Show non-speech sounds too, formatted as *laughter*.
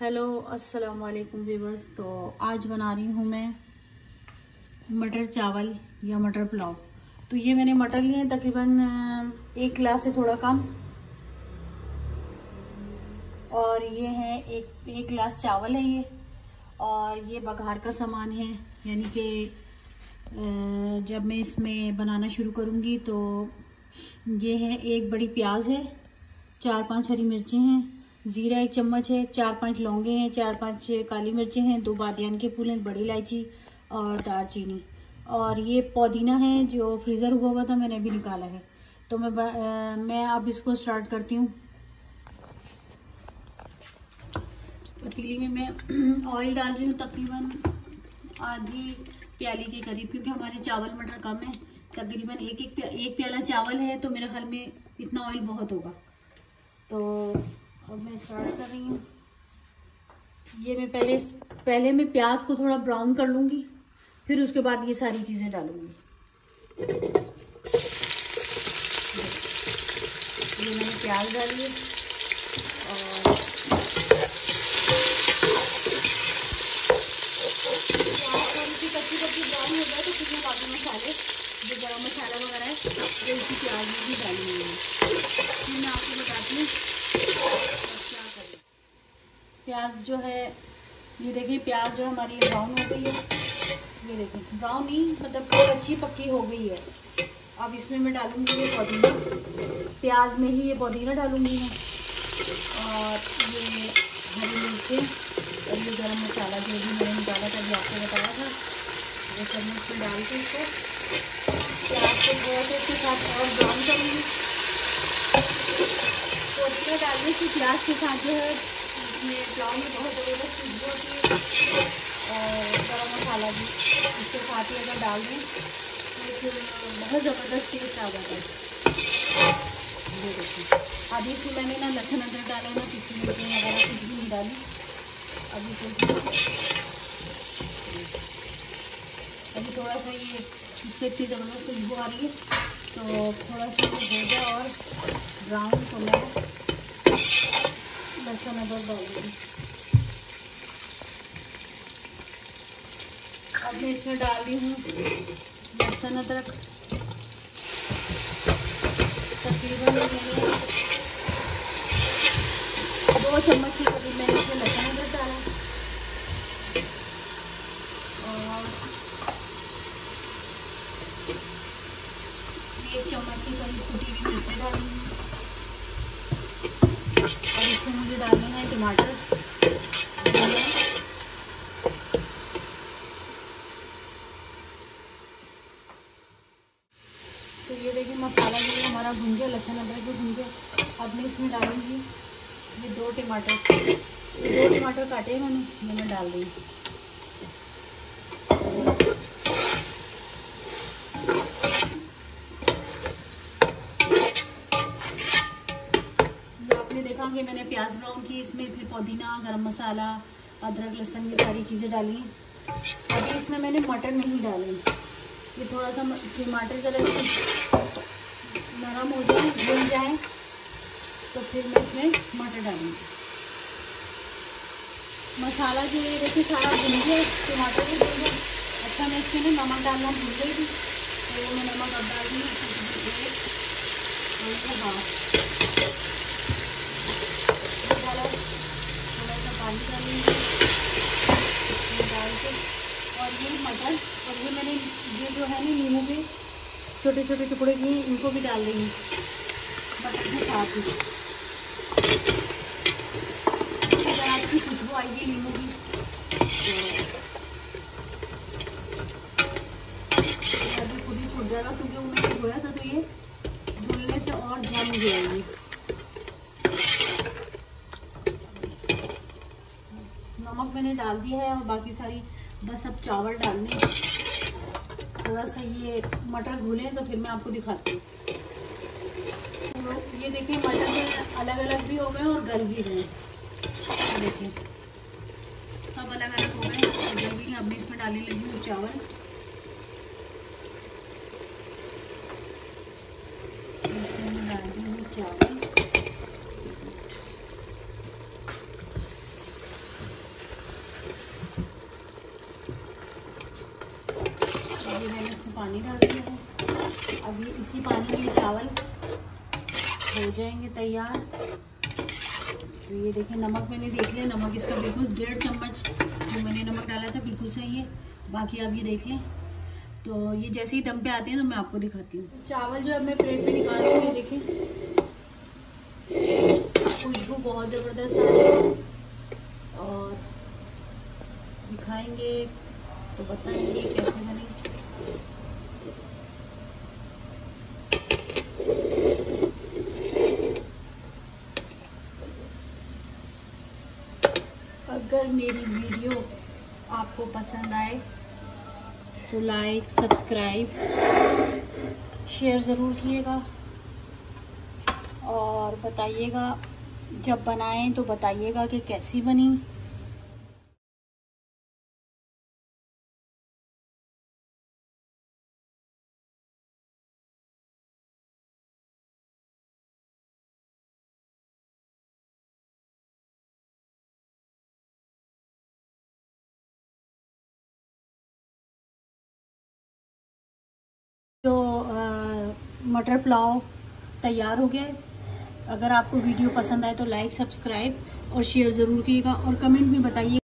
hello अस्सलाम वालेकुम viewers तो आज बना रही हूँ मैं मटर चावल या मटर पुलाव तो ये मैंने मटर लिए हैं तकरीबन एक गिलास से थोड़ा कम और ये है एक एक गिलास चावल है ये और ये बघार का सामान है यानी कि जब मैं इसमें बनाना शुरू करूँगी तो ये है एक बड़ी प्याज है चार पांच हरी मिर्चें हैं जीरा एक चम्मच है चार पांच लौंगे हैं चार पांच काली मिर्चें हैं दो बादियान के फूल हैं बड़ी इलायची और चीनी और ये पुदीना है जो फ्रीज़र हुआ हुआ था मैंने अभी निकाला है तो मैं आ, मैं अब इसको स्टार्ट करती हूँ पतीली में मैं ऑयल *clears throat* डाल रही हूँ तकरीबन आधी प्याली के करीब क्योंकि हमारे चावल मटर कम है तकरीबन एक एक प्या, एक प्याला चावल है तो मेरे घर में इतना ऑयल बहुत होगा तो और मैं स्टार्ट कर रही हूँ ये मैं पहले पहले मैं प्याज को थोड़ा ब्राउन कर लूँगी फिर उसके बाद ये सारी चीज़ें डालूँगी ये मैंने प्याज डाली और प्याज जो है ये देखिए प्याज जो हमारी ब्राउन हो गई है ये देखिए ब्राउन ही मतलब बहुत अच्छी पक्की हो गई है अब इसमें मैं डालूंगी ये पुदीना प्याज में ही ये पुदीना डालूंगी मैं और ये हरी मिर्चें और ये गर्म मसाला जो भी मैंने निकाला था जो आपको बताया था वो सब मैं इसमें डाल के इसको प्याज को बहुत इसके साथ और ब्राउन करूँगी तो इसमें डालने से प्याज के साथ जो है इसमें तो बहुत ज़बरदस्त खुशबू है और गर्म मसाला भी इसके साथ ही अगर डाल दें तो फिर बहुत ज़बरदस्त टेस्ट आ जाता है ये देखिए अभी इसमें मैंने ना लहसुन अदरक डाला है ना पिछली मिर्ची वगैरह कुछ भी नहीं डाली अभी तो अभी थोड़ा सा ये इससे इतनी ज़बरदस्त खुशबू आ रही है तो थोड़ा सा हो गया और ब्राउन तो मैं ऐसा मैं Son डाल दूँगी अब मैं इसमें डाल रही हूँ लहसुन अदरक तकरीबन मैंने दो चम्मच के करीब मैंने इसमें लहसुन अदरक डाला और एक चम्मच के करीब कुटी हुई मिर्ची डाली हूँ इसमें मुझे डालने है टमाटर तो ये देखिए मसाला जो है हमारा भून गया लहसुन अदरक भी भून गया अब मैं इसमें डालूंगी ये दो टमाटर दो टमाटर काटे हैं मैंने मैंने डाल दिए ये मैंने प्याज ब्राउन की इसमें फिर पुदीना गरम मसाला अदरक लहसन ये सारी चीज़ें डाली अभी इसमें मैंने मटर नहीं डाले ये थोड़ा सा टमाटर ज़रा नरम हो जाए भून जाए तो फिर मैं इसमें मटर डालूँगी मसाला जो है देखिए सारा भून गया टमाटर भी भून गया अच्छा मैं इसमें ना नमक डालना भूल गई थी तो मैं नमक अब डाल दूँगी एक और हाफ ये जो है ना नींबू के छोटे छोटे टुकड़े किए इनको भी डाल देंगे बटर के साथ ही अच्छी खुशबू आएगी नींबू की तो खुद ही छूट जाएगा क्योंकि उन्होंने धोया तो था तो ये धुलने से और जम गया नमक मैंने डाल दिया है और बाकी सारी बस अब चावल डालने थोड़ा सा ये मटर घुले तो फिर मैं आपको दिखाती हूँ ये देखिए मटर में अलग अलग भी हो गए और गल भी गए देखिए सब अलग अलग हो गए गल भी अब मैं इसमें डालने लगी हूँ चावल इसमें डाल दी हूँ चावल चावल हो जाएंगे तैयार तो ये देखिए नमक मैंने देख लिया नमक इसका बिल्कुल डेढ़ चम्मच जो मैंने नमक डाला था बिल्कुल सही है बाकी आप ये देख लें तो ये जैसे ही दम पे आते हैं तो मैं आपको दिखाती हूँ चावल जो अब मैं प्लेट पे निकाल रही हूँ ये देखें खुशबू बहुत ज़बरदस्त आ रही है और दिखाएंगे तो बताएंगे कैसे बने अगर मेरी वीडियो आपको पसंद आए तो लाइक सब्सक्राइब शेयर ज़रूर किएगा और बताइएगा जब बनाएं तो बताइएगा कि कैसी बनी मटर पुलाव तैयार हो गया है अगर आपको वीडियो पसंद आए तो लाइक सब्सक्राइब और शेयर ज़रूर कीजिएगा और कमेंट भी बताइए